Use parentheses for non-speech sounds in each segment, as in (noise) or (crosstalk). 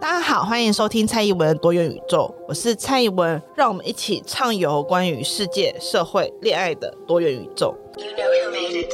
大家好，歡迎收聽蔡宜文多元宇宙，我是蔡宜文，讓我們一起暢遊關於世界、社會、戀愛的多元宇宙。You really made it.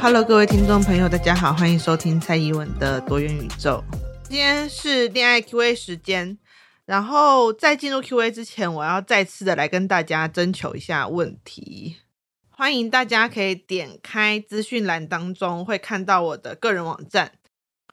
Hello，各位聽眾朋友，大家好，歡迎收聽蔡宜文的多元宇宙。今天是戀愛 QA 時間，然後在進入 QA 之前，我要再次的來跟大家徵求一下問題。歡迎大家可以點開資訊欄當中，會看到我的個人網站。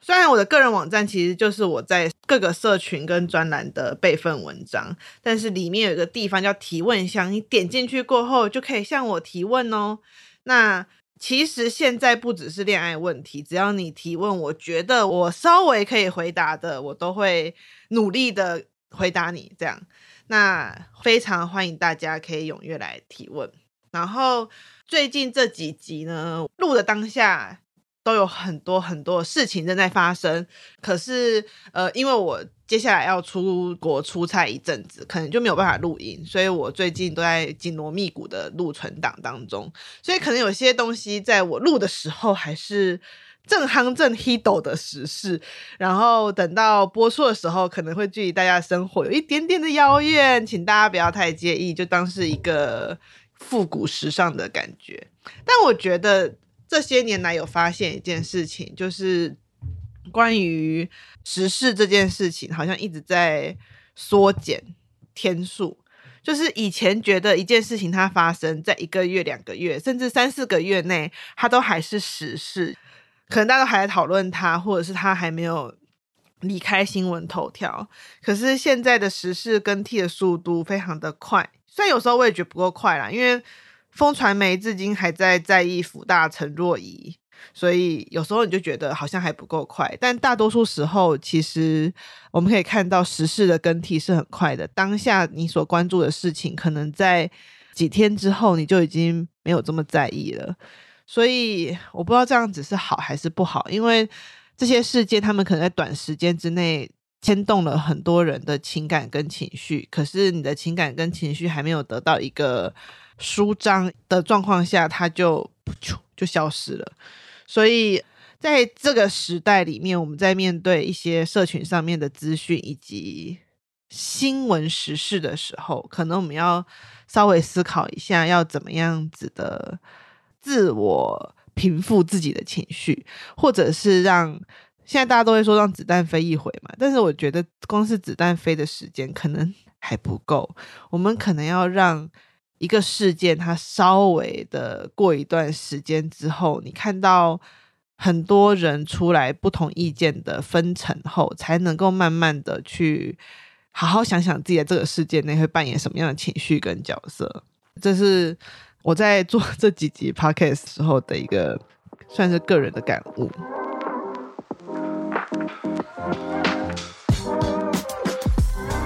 雖然我的個人網站其實就是我在各個社群跟專欄的備份文章，但是裡面有一個地方叫提問箱，你點進去過後就可以向我提問喔。那其實現在不只是戀愛問題，只要你提問，我覺得我稍微可以回答的，我都會努力的回答你這樣。那非常歡迎大家可以踴躍來提問。然後最近這幾集呢，錄的當下都有很多很多事情正在發生，可是呃，因為我，接下來要出國出差一陣子，可能就沒有辦法錄音，所以我最近都在緊鑼密鼓的錄存檔當中，所以可能有些東西在我錄的時候還是正夯正 hit 的時事，然後等到播出的時候，可能會距離大家生活有一點點的遙遠，請大家不要太介意，就當是一個復古時尚的感覺。但我覺得這些年來有發現一件事情，就是。關於時事這件事情，好像一直在縮減天數。就是以前覺得一件事情它發生在一個月、兩個月，甚至三四個月內，它都還是時事，可能大家都還在討論它，或者是它還沒有離開新聞頭條。可是現在的時事更替的速度非常的快，雖然有時候我也覺得不夠快啦，因為風傳媒至今還在在意輔大陳若儀。所以有時候你就覺得好像還不夠快，但大多數時候其實我們可以看到時事的更替是很快的。當下你所關注的事情，可能在幾天之後你就已經沒有這麼在意了。所以我不知道這樣子是好還是不好，因為這些事件他們可能在短時間之內牽動了很多人的情感跟情緒，可是你的情感跟情緒還沒有得到一個舒張的狀況下，它就就消失了。所以，在這個時代裡面，我們在面對一些社群上面的資訊以及新聞時事的時候，可能我們要稍微思考一下，要怎麼樣子的自我平復自己的情緒，或者是讓現在大家都會說讓子彈飛一回嘛。但是我覺得，光是子彈飛的時間可能還不夠，我們可能要讓。一個事件，它稍微的過一段時間之後，你看到很多人出來不同意見的分成後，才能夠慢慢的去好好想想自己在這個事件內會扮演什麼樣的情緒跟角色。這是我在做這幾集 Podcast 時候的一個算是個人的感悟。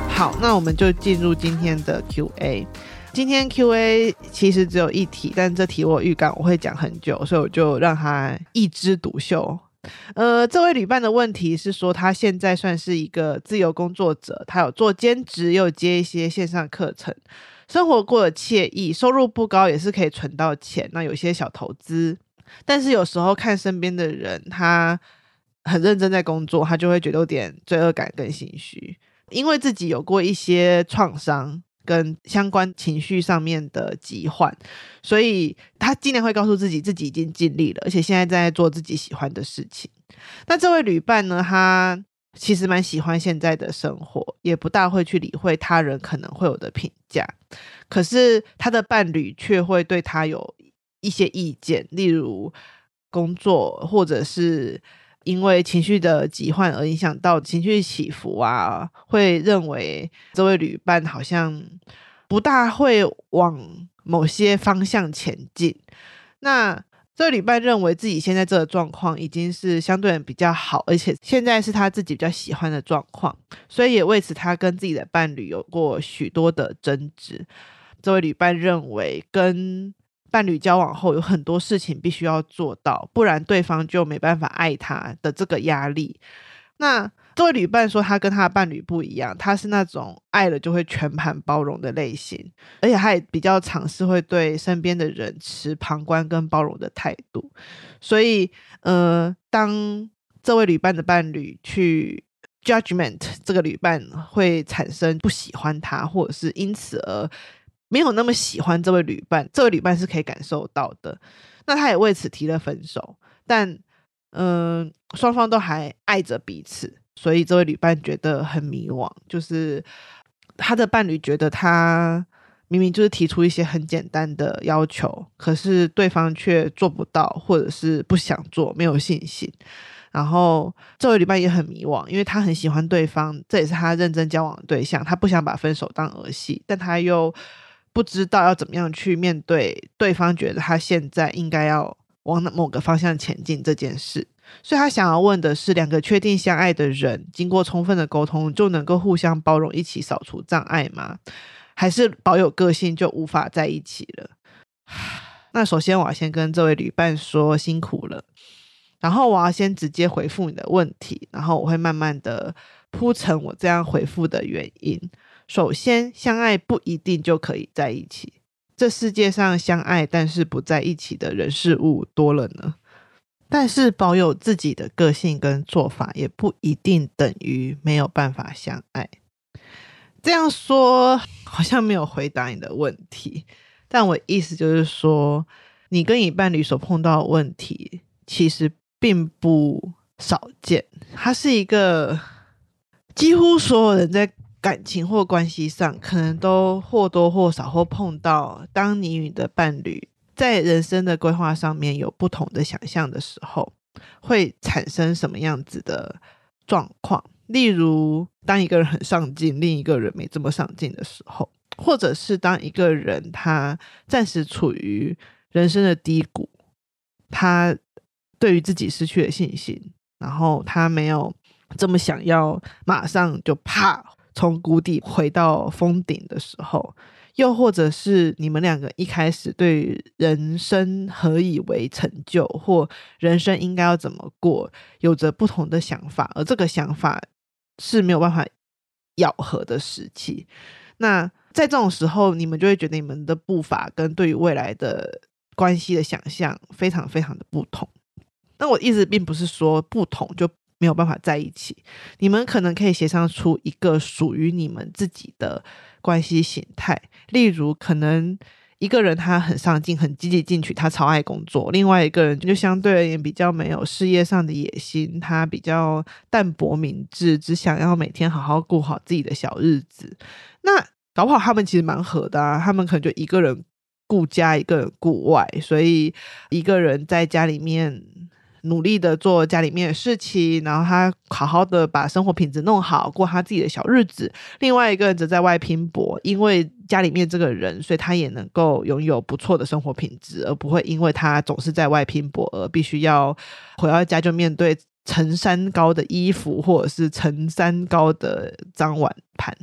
好，那我們就進入今天的 QA。今天 QA 其實只有一題，但這題我預感我會講很久，所以我就讓他一枝獨秀。呃，這位旅伴的問題是說，他現在算是一個自由工作者，他有做兼職，又接一些線上課程，生活過得愜意，收入不高也是可以存到錢。那有些小投資，但是有時候看身邊的人，他很認真在工作，他就會覺得有點罪惡感跟心虛，因為自己有過一些創傷，跟相關情緒上面的疾患，所以他今年會告訴自己，自己已經盡力了，而且現在正在做自己喜歡的事情。那這位旅伴呢，他其實蠻喜歡現在的生活，也不大會去理會他人可能會有的評價。可是他的伴侶卻會對他有一些意見，例如工作，或者是。因為情緒的疾患而影響到情緒起伏啊，會認為這位旅伴好像不大會往某些方向前進。那這位旅伴認為自己現在這個狀況已經是相對的比較好，而且現在是他自己比較喜歡的狀況，所以也為此他跟自己的伴侶有過許多的爭執。這位旅伴認為跟伴侶交往後有很多事情必須要做到，不然對方就沒辦法愛他的這個壓力。那這位旅伴說，他跟他的伴侶不一樣，他是那種愛了就會全盤包容的類型，而且他也比較嘗試會對身邊的人持旁觀跟包容的態度。所以，呃，當這位旅伴的伴侶去 j u d g m e n t 這個旅伴，會產生不喜歡他，或者是因此而。沒有那麼喜歡這位旅伴，這位旅伴是可以感受到的。那他也為此提了分手，但嗯、呃，雙方都還愛着彼此，所以這位旅伴覺得很迷惘。就是他的伴侶覺得他明明就是提出一些很簡單的要求，可是對方卻做不到，或者是不想做，沒有信心。然後這位旅伴也很迷惘，因為他很喜歡對方，這也是他認真交往的對象，他不想把分手當兒戲，但他又。不知道要怎麼樣去面對對方，覺得他現在應該要往哪某個方向前進這件事，所以他想要問的是：兩個確定相愛的人，經過充分的溝通，就能夠互相包容，一起掃除障礙嗎？還是保有個性就無法在一起了？那首先我要先跟這位旅伴說辛苦了，然後我要先直接回復你的問題，然後我會慢慢的鋪陳我這樣回復的原因。首先，相愛不一定就可以在一起。這世界上相愛但是不在一起的人事物多了呢？但是保有自己的個性跟做法，也不一定等於沒有辦法相愛。這樣說好像沒有回答你的問題，但我的意思就是說，你跟你伴侶所碰到的問題其實並不少見。它是一個幾乎所有人在。感情或關係上，可能都或多或少會碰到。當你與你的伴侶在人生的規劃上面有不同的想象的時候，會產生什麼樣子的狀況？例如，當一個人很上進，另一個人沒這麼上進的時候，或者是當一個人他暫時處於人生的低谷，他對於自己失去了信心，然後他沒有這麼想要馬上就啪。從谷底回到峰頂的時候，又或者是你們兩個一開始對人生何以為成就，或人生應該要怎麼過，有着不同的想法，而這個想法是沒有辦法咬合的時期。那在這種時候，你們就會覺得你們的步伐跟對於未來的關係的想象非常非常的不同。那我意思並不是說不同就。沒有辦法在一起，你們可能可以協商出一個屬於你們自己的關係形態。例如，可能一個人他很上進、很積極進取，他超愛工作；另外一個人就相對而言比較沒有事業上的野心，他比較淡泊明志，只想要每天好好過好自己的小日子。那搞不好他們其實蠻合的啊，他們可能就一個人顧家，一個人顧外，所以一個人在家裡面。努力的做家裡面的事情，然後他好好的把生活品質弄好，過他自己的小日子。另外一個人則在外拼搏，因為家裡面這個人，所以他也能夠擁有不錯的生活品質，而不會因為他總是在外拼搏，而必須要回到家就面對成山高的衣服，或者是成山高的髒碗盤。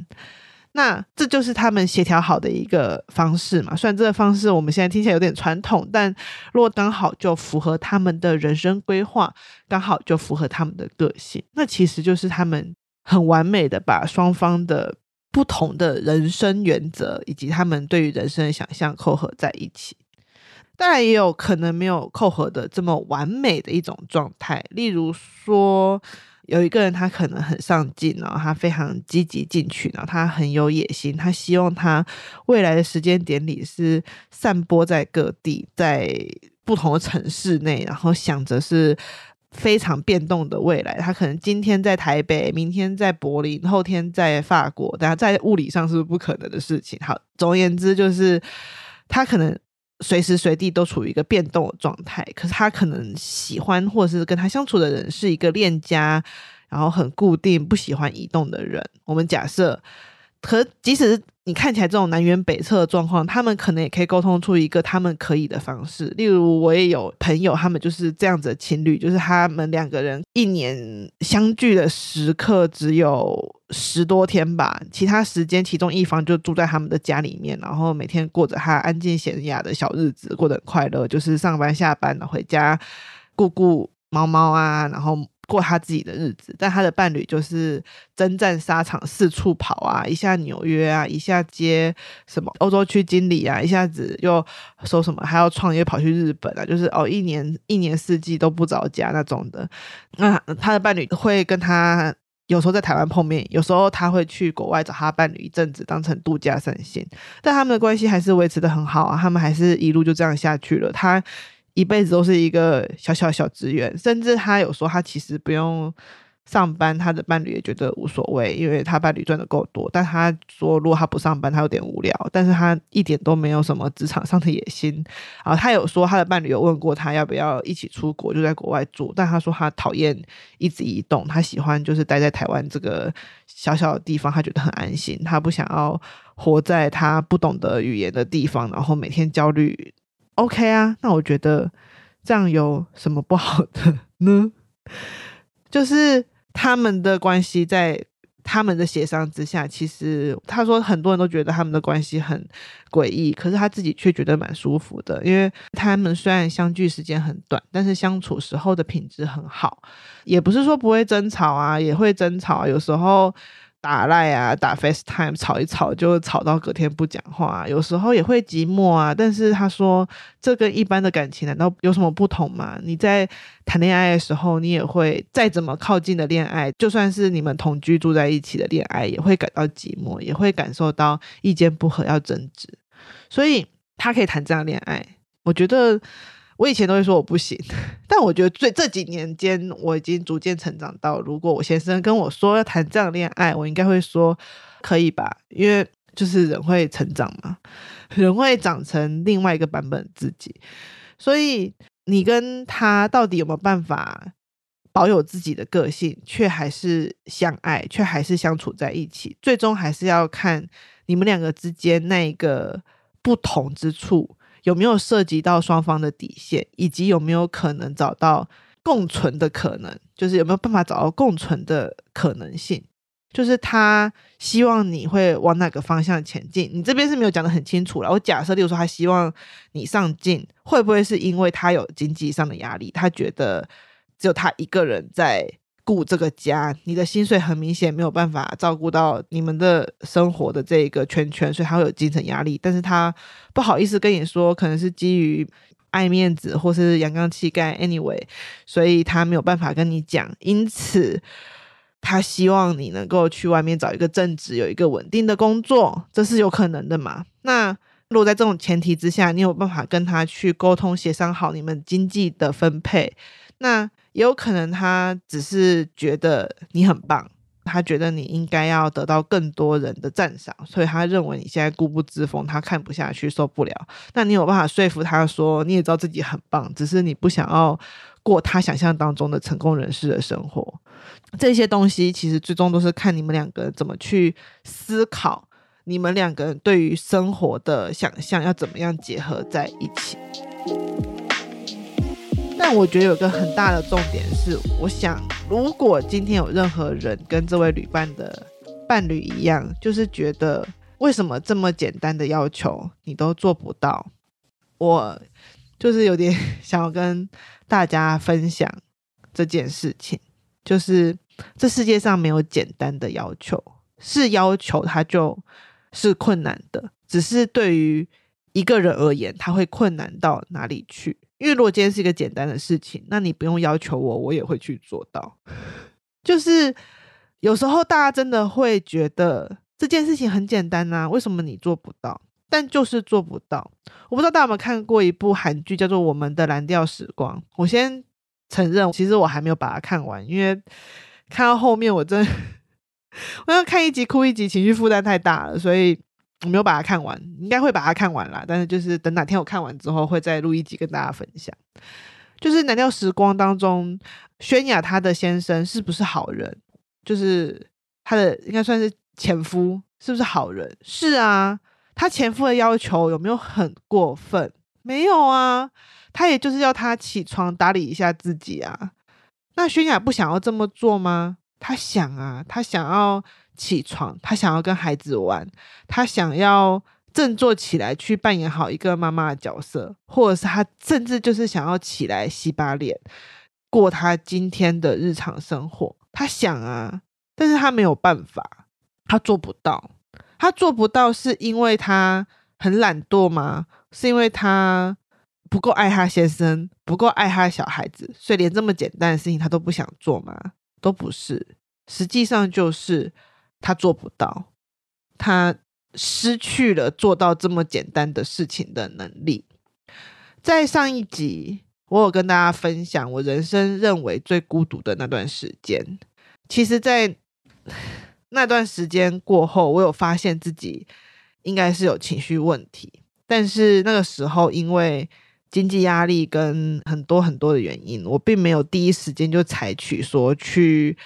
那這就是他們協調好的一個方式嘛，雖然這個方式我們現在聽起來有點傳統，但如果剛好就符合他們的人生規劃，剛好就符合他們的個性，那其實就是他們很完美的把雙方的不同的人生原則以及他們對於人生的想象扣合在一起。當然也有可能沒有扣合的這麼完美的一種狀態，例如說。有一個人，他可能很上進，然後他非常積極進取，然後他很有野心。他希望他未來的時間點裡是散播在各地，在不同的城市內，然後想着是非常變動的未來。他可能今天在台北，明天在柏林，後天在法國。但在物理上是不可能的事情。好，總而言之，就是他可能。隨時隨地都處於一個變動狀態，可是他可能喜歡或者是跟他相處的人是一個戀家，然後很固定，不喜歡移動的人。我們假設，可即使你看起來這種南轅北轍的狀況，他們可能也可以溝通出一個他們可以的方式。例如，我也有朋友，他們就是這樣子的情侶，就是他們兩個人一年相聚的時刻只有十多天吧，其他時間其中一方就住在他們的家裡面，然後每天過着他安靜閒雅的小日子，過得很快樂，就是上班下班，然後回家顧顧貓貓啊，然後。過他自己的日子，但他的伴侶就是征戰沙場、四處跑啊，一下紐約啊，一下接什麼歐洲區經理啊，一下子又說什麼還要創業跑去日本啊，就是哦，一年一年四季都不着家那種的。那他的伴侶會跟他有時候在台灣碰面，有時候他會去國外找他伴侶一陣子，當成度假散心。但他們的關係還是維持得很好啊，他們還是一路就這樣下去了。他。一輩子都是一個小小小職員，甚至他有說他其實不用上班，他的伴侶也覺得無所謂，因為他伴侶賺得夠多。但他說，如果他不上班，他有點無聊。但是他一點都沒有什麼職場上的野心。然後啊，他有說，他的伴侶有問過他要不要一起出國，就在國外住。但他說他討厭一直移動，他喜歡就是待在台灣這個小小的地方，他覺得很安心。他不想要活在他不懂得語言的地方，然後每天焦慮。OK 啊，那我覺得這樣有什麼不好的呢？就是他們的關係在他們的協商之下，其實他說很多人都覺得他們的關係很詭異，可是他自己卻覺得蠻舒服的，因為他們雖然相聚時間很短，但是相處時候的品質很好，也不是說不會爭吵啊，也會爭吵啊，有時候。打賴啊，打 FaceTime，吵一吵就吵到隔天不講話啊。有時候也會寂寞啊，但是他說這跟一般的感情難道有什麼不同嗎？你在談戀愛的時候，你也會再怎麼靠近的戀愛，就算是你們同居住在一起的戀愛，也會感到寂寞，也會感受到意見不合要爭執。所以他可以談這樣戀愛，我覺得。我以前都會說我不行，但我覺得最這幾年間，我已經逐漸成長到，如果我先生跟我說要談這樣的戀愛，我應該會說可以吧，因為就是人會成長嘛，人會長成另外一個版本自己。所以你跟他到底有沒有辦法保有自己的個性，卻還是相愛，卻還是相處在一起，最終還是要看你們兩個之間那一個不同之處。有沒有涉及到雙方的底線，以及有沒有可能找到共存的可能？就是有沒有辦法找到共存的可能性？就是他希望你會往哪個方向前進？你這邊是沒有講得很清楚了。我假設，例如說，他希望你上進，會不會是因為他有經濟上的壓力？他覺得只有他一個人在顧這個家，你的薪水很明顯沒有辦法照顧到你們的生活的這個圈圈，所以他會有精神壓力。但是他不好意思跟你說，可能是基於愛面子或是陽剛氣概。Anyway，所以他沒有辦法跟你講。因此，他希望你能夠去外面找一個正職，有一個穩定的工作，這是有可能的嘛。那如果在這種前提之下，你有辦法跟他去溝通協商好你們經濟的分配，那。也有可能他只是覺得你很棒，他覺得你應該要得到更多人的讚賞，所以他認為你現在固步自封，他看不下去，受不了。那你有辦法說服他說，你也知道自己很棒，只是你不想要過他想象當中的成功人士的生活。這些東西其實最終都是看你們兩個人怎麼去思考，你們兩個人對於生活的想象要怎麼樣結合在一起。但我覺得有個很大的重點是，我想如果今天有任何人跟這位旅伴的伴侶一樣，就是覺得為什麼這麼簡單的要求你都做不到，我就是有點想要跟大家分享這件事情，就是這世界上沒有簡單的要求，是要求它就是困難的，只是對於一個人而言，他會困難到哪裡去？因為如果今天是一個簡單的事情，那你不用要求我，我也會去做到。就是有時候大家真的會覺得這件事情很簡單啊，為什麼你做不到？但就是做不到。我不知道大家有沒有看過一部韓劇，叫做《我們的藍調時光》。我先承認，其實我還沒有把它看完，因為看到後面我真 (laughs) 我要看一集哭一集，情緒負擔太大了，所以。我沒有把它看完，應該會把它看完啦。但是就是等哪天我看完之後，會再錄一集跟大家分享。就是《南詔時光》當中，泫雅她的先生是不是好人？就是她的應該算是前夫，是不是好人？是啊，她前夫的要求有沒有很過分？沒有啊，她也就是要她起床打理一下自己啊。那泫雅不想要這麼做嗎？她想啊，她想要。起床，他想要跟孩子玩，他想要振作起來去扮演好一個媽媽的角色，或者是他甚至就是想要起來洗把臉，過他今天的日常生活。他想啊，但是他沒有辦法，他做不到。他做不到是因為他很懶惰嗎？是因為他不夠愛他先生，不夠愛他小孩子，所以連這麼簡單的事情他都不想做嗎？都不是，實際上就是。他做不到，他失去了做到這麼簡單的事情的能力。在上一集，我有跟大家分享我人生認為最孤獨的那段時間。其實，在那段時間過後，我有發現自己應該是有情緒問題，但是那個時候因為經濟壓力跟很多很多的原因，我並沒有第一時間就採取說去。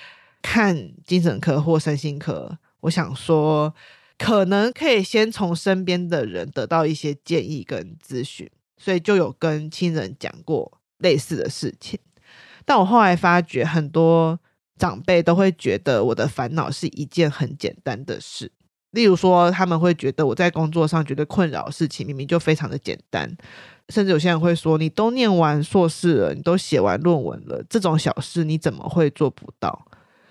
看精神科或身心科，我想說，可能可以先從身邊的人得到一些建議跟資訊，所以就有跟親人講過類似的事情。但我後來發覺，很多長輩都會覺得我的煩惱是一件很簡單的事，例如說，他們會覺得我在工作上覺得困擾的事情，明明就非常的簡單，甚至有些人會說：“你都念完碩士了，你都寫完論文了，這種小事你怎麼會做不到？”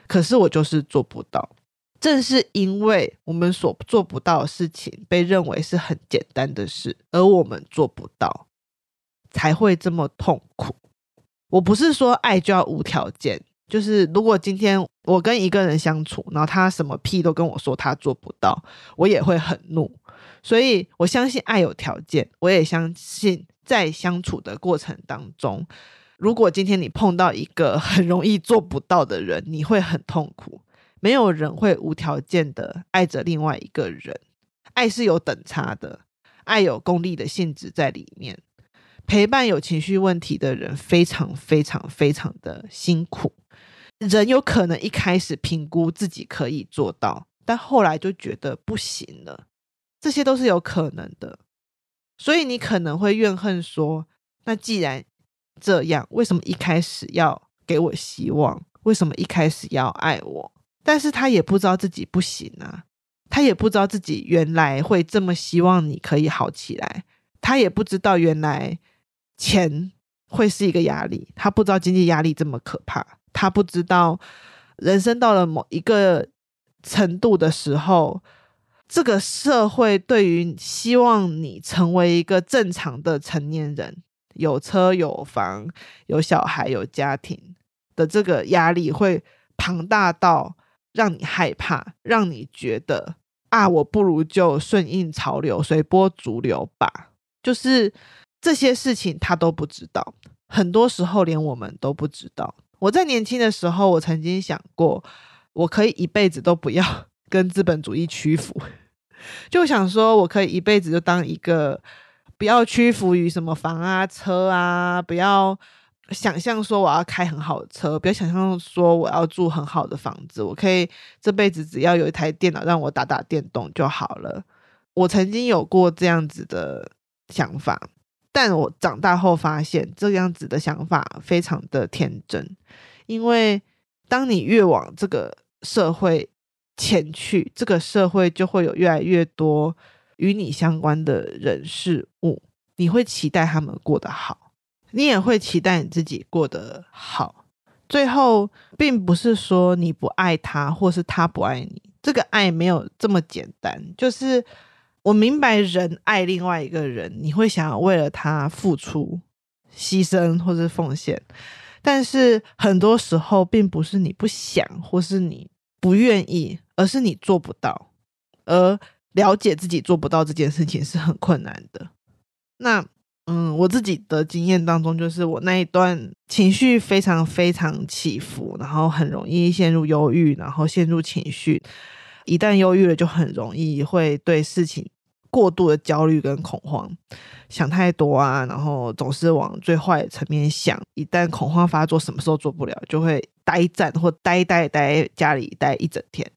可是我就是做不到。正是因為我們所做不到的事情被認為是很簡單的事，而我們做不到，才會這麼痛苦。我不是說愛就要無條件，就是如果今天我跟一個人相處，然後他什麼屁都跟我說他做不到，我也會很怒。所以我相信愛有條件，我也相信在相處的過程當中。如果今天你碰到一個很容易做不到的人，你會很痛苦。沒有人會無條件的愛着另外一個人，愛是有等差的，愛有功利的性質在裡面。陪伴有情緒問題的人非常非常非常的辛苦。人有可能一開始評估自己可以做到，但後來就覺得不行了，這些都是有可能的。所以你可能會怨恨說：“那既然……”這樣，為什麼一開始要給我希望？為什麼一開始要愛我？但是他也不知道自己不行啊，他也不知道自己原來會這麼希望你可以好起來，他也不知道原來錢會是一個壓力，他不知道經濟壓力這麼可怕，他不知道人生到了某一個程度的時候，這個社會對於希望你成為一個正常的成年人。有車有房有小孩有家庭的這個壓力會龐大到讓你害怕，讓你覺得啊，我不如就順應潮流，隨波逐流吧。就是這些事情他都不知道，很多時候連我們都不知道。我在年輕的時候，我曾經想過，我可以一輩子都不要跟資本主義屈服，就想說我可以一輩子就當一個。不要屈服於什麼房啊、車啊，不要想象說我要開很好的車，不要想象說我要住很好的房子。我可以這輩子只要有一台電腦讓我打打電動就好了。我曾經有過這樣子的想法，但我長大後發現，這樣子的想法非常的天真。因為當你越往這個社會前去，這個社會就會有越來越多。與你相關的人事物，你會期待他們過得好，你也會期待你自己過得好。最後，並不是說你不愛他，或是他不愛你，這個愛沒有這麼簡單。就是我明白，人愛另外一個人，你會想要為了他付出、犧牲或是奉獻。但是很多時候，並不是你不想，或是你不願意，而是你做不到。而了解自己做不到這件事情是很困難的。那，嗯，我自己的經驗當中，就是我那一段情緒非常非常起伏，然後很容易陷入憂鬱，然後陷入情緒。一旦憂鬱了，就很容易會對事情過度的焦慮跟恐慌，想太多啊，然後總是往最壞的層面想。一旦恐慌發作，什麼時候做不了，就會呆站或呆呆呆家裡待一整天，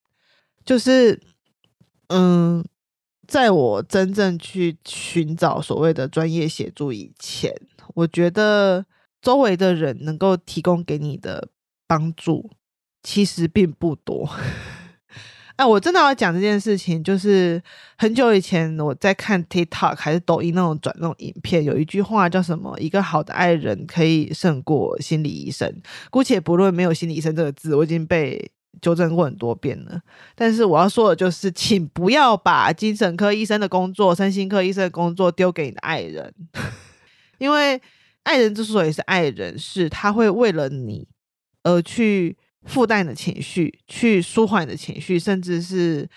就是。嗯，在我真正去尋找所謂的專業協助以前，我覺得周圍的人能夠提供給你的幫助其實並不多。哎、 (laughs) 啊，我真的要講這件事情，就是很久以前我在看 TikTok 還是抖音那種轉那種影片，有一句話叫什麼？一個好的愛人可以勝過心理醫生。姑且不論沒有心理醫生這個字，我已經被。糾正過很多遍了，但是我要說的就是，請不要把精神科醫生的工作、身心科醫生的工作丟給你的愛人， (laughs) 因為愛人之所以是愛人，是他會為了你而去負擔你的情緒、去舒緩你的情緒，甚至是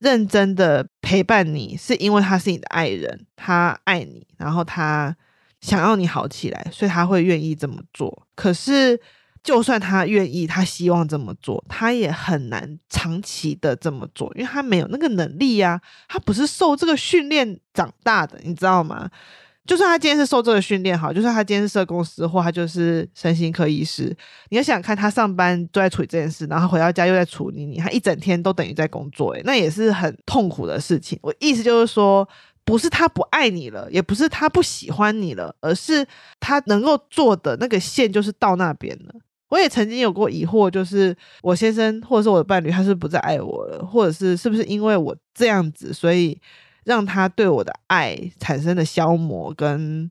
認真的陪伴你，是因為他是你的愛人，他愛你，然後他想要你好起來，所以他會願意這麼做。可是。就算他願意，他希望這麼做，他也很難長期的這麼做，因為他沒有那個能力呀、啊。他不是受這個訓練長大的，你知道嗎？就算他今天是受這個訓練好，就算他今天是社工師或他就是身心科醫師，你要想看他上班都在處理這件事，然後回到家又在處理你，他一整天都等於在工作、欸，誒，那也是很痛苦的事情。我意思就是說，不是他不愛你了，也不是他不喜歡你了，而是他能夠做的那個線就是到那邊了。我也曾經有過疑惑，就是我先生或者是我的伴侶，他是不再愛我了，或者是是不是因為我這樣子，所以讓他對我的愛產生了消磨跟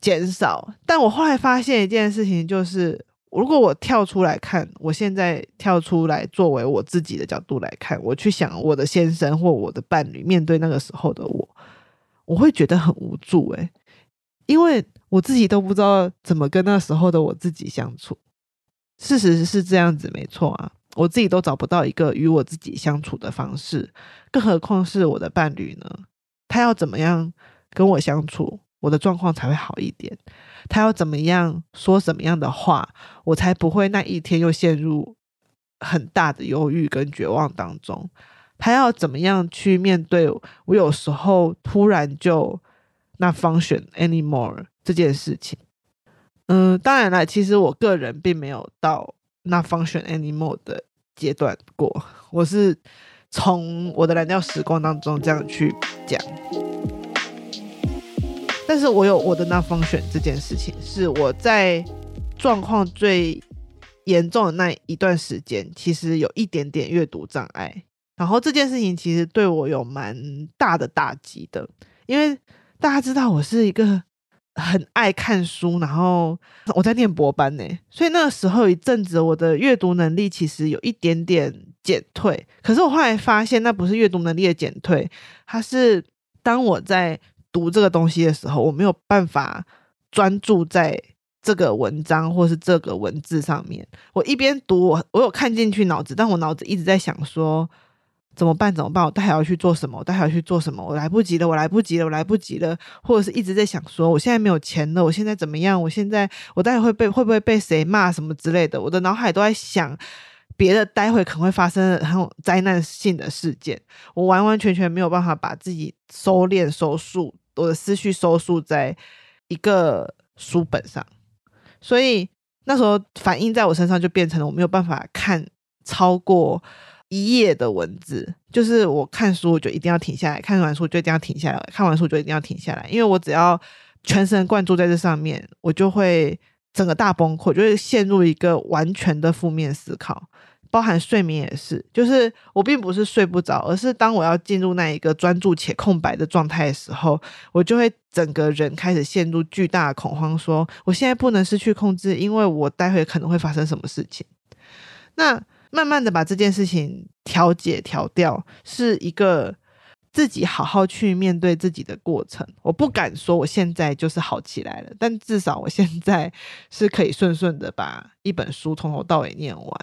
減少？但我後來發現一件事情，就是如果我跳出來看，我現在跳出來作為我自己的角度來看，我去想我的先生或我的伴侶面對那個時候的我，我會覺得很無助誒、欸，因為我自己都不知道怎麼跟那時候的我自己相處。事實是這樣子，沒錯啊，我自己都找不到一個與我自己相處的方式，更何況是我的伴侶呢？他要怎麼樣跟我相處，我的狀況才會好一點？他要怎麼樣說什麼樣的話，我才不會那一天又陷入很大的憂鬱跟絕望當中？他要怎麼樣去面對我，有時候突然就 not function anymore 這件事情。嗯，當然了，其實我個人並沒有到 not function anymore 的階段過。我是從我的藍調時光當中這樣去講，但是我有我的 not function，這件事情，是我在狀況最嚴重的那一段時間，其實有一點點閱讀障礙，然後這件事情其實對我有蠻大的打擊的，因為大家知道我是一個。很愛看書，然後我在念博班呢，所以那個時候有一陣子我的閱讀能力其實有一點點減退。可是我後來發現，那不是閱讀能力的減退，它是當我在讀這個東西的時候，我沒有辦法專注在這個文章或是這個文字上面。我一邊讀，我我有看進去腦子，但我腦子一直在想說。怎麼辦？怎麼辦？我待會要去做什麼？我待會要去做什麼？我來不及了！我來不及了！我來不及了！或者是一直在想說，說我現在沒有錢了，我現在怎麼樣？我現在我待會會被會不會被誰罵什麼之類的？我的腦海都在想別的，待會可能會發生很有災難性的事件。我完完全全沒有辦法把自己收斂、收束，我的思緒收束在一個書本上。所以那時候反應在我身上，就變成了我沒有辦法看超過。一頁的文字，就是我看書，我就一定要停下來，看完書就一定要停下來，看完書就一定要停下來，因為我只要全神貫注在這上面，我就會整個大崩潰，就會陷入一個完全的負面思考，包含睡眠也是，就是我並不是睡不着，而是當我要進入那一個專注且空白的狀態的時候，我就會整個人開始陷入巨大的恐慌，說我現在不能失去控制，因為我待會可能會發生什麼事情。那。慢慢的把這件事情調解調掉，是一個自己好好去面對自己的過程。我不敢說我現在就是好起來了，但至少我現在是可以順順的把一本書從頭到尾念完。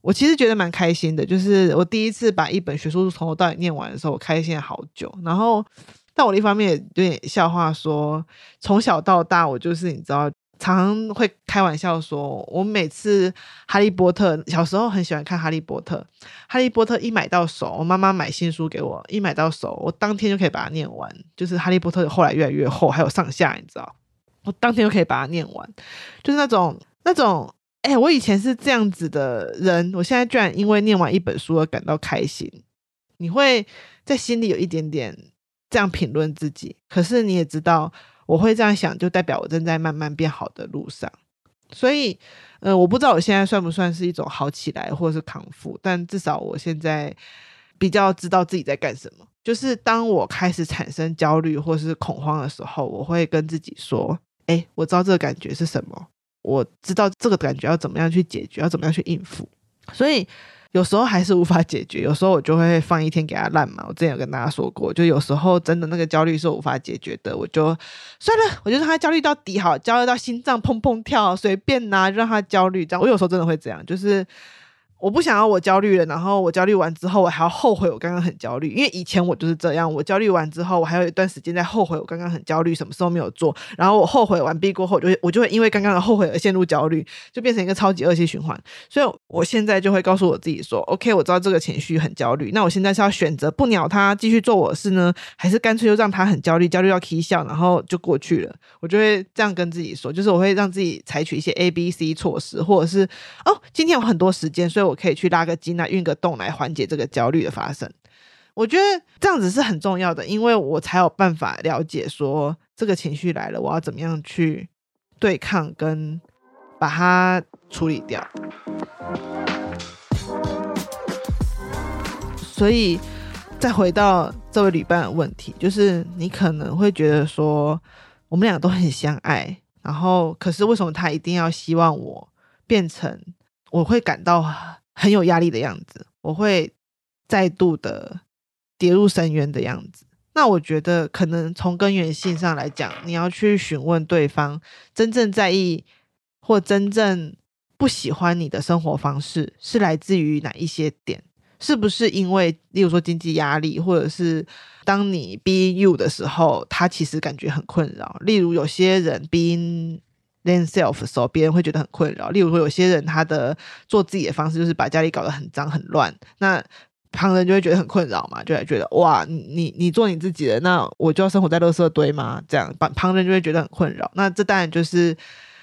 我其實覺得蠻開心的，就是我第一次把一本學術書從頭到尾念完的時候，我開心了好久。然後，但我另一方面也有點笑話說，從小到大我就是你知道。常常會開玩笑說，我每次《哈利波特》小時候很喜歡看哈利波特《哈利波特》，《哈利波特》一買到手，我媽媽買新書給我，一買到手，我當天就可以把它念完。就是《哈利波特》後來越來越厚，還有上下，你知道，我當天就可以把它念完。就是那種那種，哎、欸，我以前是這樣子的人，我現在居然因為念完一本書而感到開心。你會在心裡有一點點這樣評論自己，可是你也知道。我會這樣想，就代表我正在慢慢變好的路上。所以，呃，我不知道我現在算不算是一種好起來，或是康復，但至少我現在比較知道自己在幹什麼。就是當我開始產生焦慮或是恐慌的時候，我會跟自己說：“哎，我知道這個感覺是什麼，我知道這個感覺要怎麼樣去解決，要怎麼樣去應付。”所以。有時候還是無法解決，有時候我就會放一天給他爛嘛。我之前有跟大家說過，就有時候真的那個焦慮是無法解決的，我就算了，我就讓他焦慮到底好，焦慮到心臟砰砰跳，隨便吶，啊，讓他焦慮這樣。我有時候真的會這樣，就是。我不想要我焦慮了，然後我焦慮完之後，我還要後悔我剛剛很焦慮，因為以前我就是這樣，我焦慮完之後，我還有一段時間在後悔我剛剛很焦慮，什麼事候都沒有做，然後我後悔完畢過後，就會我就會因為剛剛的後悔而陷入焦慮，就變成一個超級惡性循環。所以我現在就會告訴我自己說，OK，我知道這個情緒很焦慮，那我現在是要選擇不鳥他，繼續做我的事呢，還是乾脆就讓他很焦慮，焦慮到 k i 然後就過去了。我就會這樣跟自己說，就是我會讓自己採取一些 A、B、C 措施，或者是哦，今天有很多時間，所以。我可以去拉個筋啊，運個動來緩解這個焦慮的發生。我覺得這樣子是很重要的，因為我才有辦法了解說，這個情緒來了，我要怎麼樣去對抗跟把它處理掉。所以再回到這位旅伴的問題，就是你可能會覺得說，我們倆都很相愛，然後可是為什麼他一定要希望我變成？我會感到很有壓力的樣子，我會再度的跌入深淵的樣子。那我覺得，可能從根源性上來講，你要去詢問對方，真正在意或真正不喜歡你的生活方式，是來自於哪一些點？是不是因為，例如說經濟壓力，或者是當你 being you 的時候，他其實感覺很困擾？例如有些人 being。self，所以別人會覺得很困擾。例如說，有些人他的做自己的方式就是把家裡搞得很髒很亂，那旁人就會覺得很困擾嘛，就會覺得哇，你你做你自己的，那我就要生活在垃圾堆嗎？這樣，旁旁人就會覺得很困擾。那這當然就是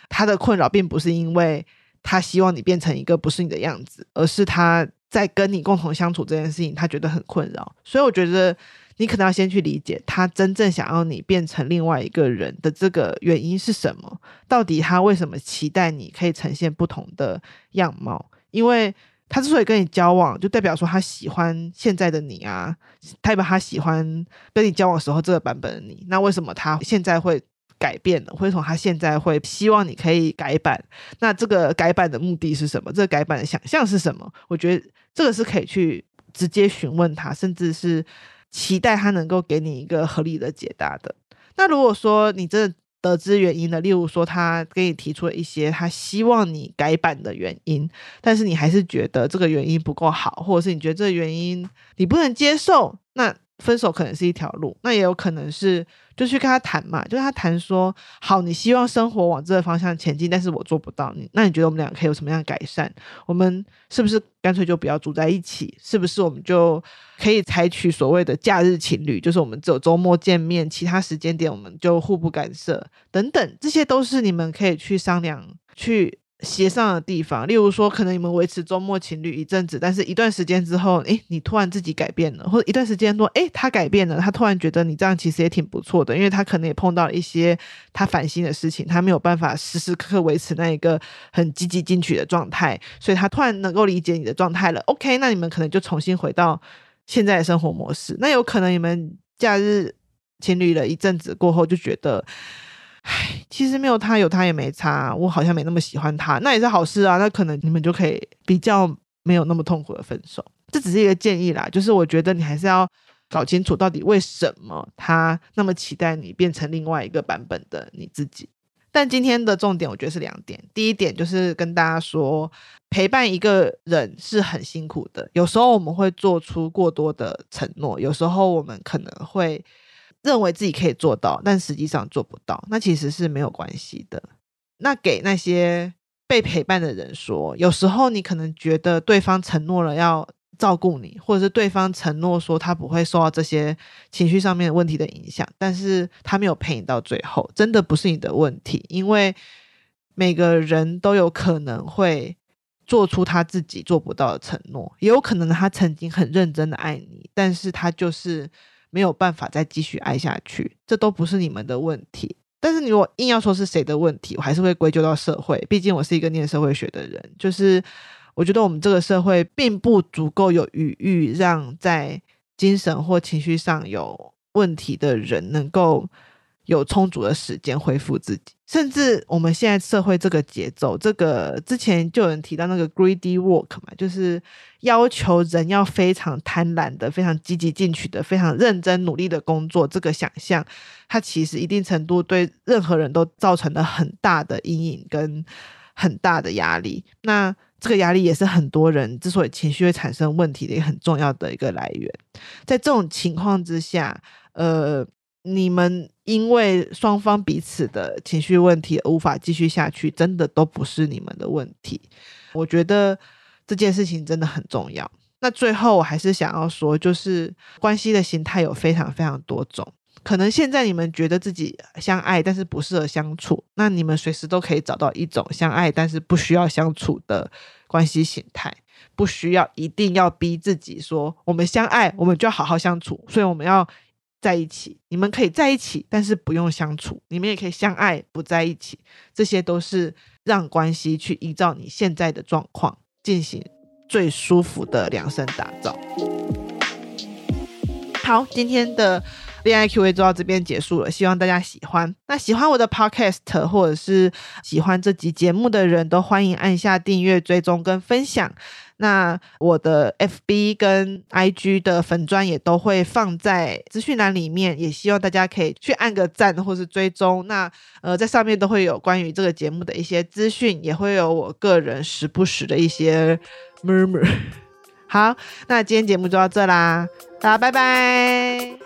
他的困擾，並不是因為他希望你變成一個不是你的樣子，而是他在跟你共同相處這件事情，他覺得很困擾。所以我覺得。你可能要先去理解他真正想要你變成另外一個人的這個原因是什麼？到底他為什麼期待你可以呈現不同的樣貌？因為他之所以跟你交往，就代表說他喜歡現在的你啊，代表他喜歡跟你交往的時候這個版本的你。那為什麼他現在會改變呢？為什麼他現在會希望你可以改版？那這個改版的目的是什麼？這個改版的想象是什麼？我覺得這個是可以去直接詢問他，甚至是。期待他能夠給你一個合理的解答的。那如果說你真的得知原因的，例如說他給你提出了一些他希望你改版的原因，但是你還是覺得這個原因不夠好，或者是你覺得這個原因你不能接受，那。分手可能是一條路，那也有可能是就去跟他談嘛，就跟、是、他談說好，你希望生活往這個方向前進，但是我做不到你，你那你覺得我們倆可以有什麼樣的改善？我們是不是乾脆就不要住在一起？是不是我們就可以採取所謂的假日情侶，就是我們只有週末見面，其他時間點我們就互不干涉等等，這些都是你們可以去商量去協商的地方，例如說，可能你們維持週末情侶一陣子，但是一段時間之後，誒，你突然自己改變了，或者一段時間後，誒，他改變了，他突然覺得你這樣其實也挺不錯的，因為他可能也碰到了一些他煩心的事情，他沒有辦法時時刻刻維持那一個很積極進取的狀態，所以他突然能夠理解你的狀態了。OK，那你們可能就重新回到現在的生活模式。那有可能你們假日情侶了一陣子過後，就覺得。哎，其實沒有他，有他也沒差。我好像沒那麼喜歡他，那也是好事啊。那可能你們就可以比較沒有那麼痛苦的分手。這只是一個建議啦，就是我覺得你還是要搞清楚到底為什麼他那麼期待你變成另外一個版本的你自己。但今天的重點我覺得是兩點。第一點就是跟大家說，陪伴一個人是很辛苦的，有時候我們會做出過多的承諾，有時候我們可能會。認為自己可以做到，但實際上做不到，那其實是沒有關係的。那給那些被陪伴的人說，有時候你可能覺得對方承諾了要照顧你，或者是對方承諾說他不會受到這些情緒上面的問題的影響，但是他沒有陪你到最後，真的不是你的問題，因為每個人都有可能會做出他自己做不到的承諾，也有可能他曾經很認真的愛你，但是他就是。沒有辦法再繼續愛下去，這都不是你們的問題。但是你如果硬要說是誰的問題，我還是會歸咎到社會。畢竟我是一個念社會學的人，就是我覺得我們這個社會並不足夠有餘裕，讓在精神或情緒上有問題的人能夠。有充足的時間恢復自己，甚至我們現在社會這個節奏，這個之前就有人提到那個 greedy work 嘛，就是要求人要非常貪婪的、非常積極進取的、非常認真努力的工作。這個想象，它其實一定程度對任何人都造成了很大的陰影跟很大的壓力。那這個壓力也是很多人之所以情緒會產生問題的一個很重要的一個來源。在這種情況之下，呃，你們。因為雙方彼此的情緒問題而無法繼續下去，真的都不是你們的問題。我覺得這件事情真的很重要。那最後，我還是想要說，就是關係的形態有非常非常多種。可能現在你們覺得自己相愛，但是不適合相處，那你們隨時都可以找到一種相愛但是不需要相處的關係形態，不需要一定要逼自己說我們相愛，我們就要好好相處，所以我們要。在一起，你們可以在一起，但是不用相處；你們也可以相愛不在一起，這些都是讓關係去依照你現在的狀況進行最舒服的量身打造。好，今天的戀愛 Q&A 就到這邊結束了，希望大家喜歡。那喜歡我的 Podcast 或者是喜歡這集節目的人都歡迎按下訂閱、追蹤跟分享。那我的 FB 跟 IG 的粉專也都會放在資訊欄裡面，也希望大家可以去按個讚或是追蹤。那呃，在上面都會有關於這個節目的一些資訊，也會有我個人時不時的一些 murmur。好，那今天節目就到這啦，大家拜拜。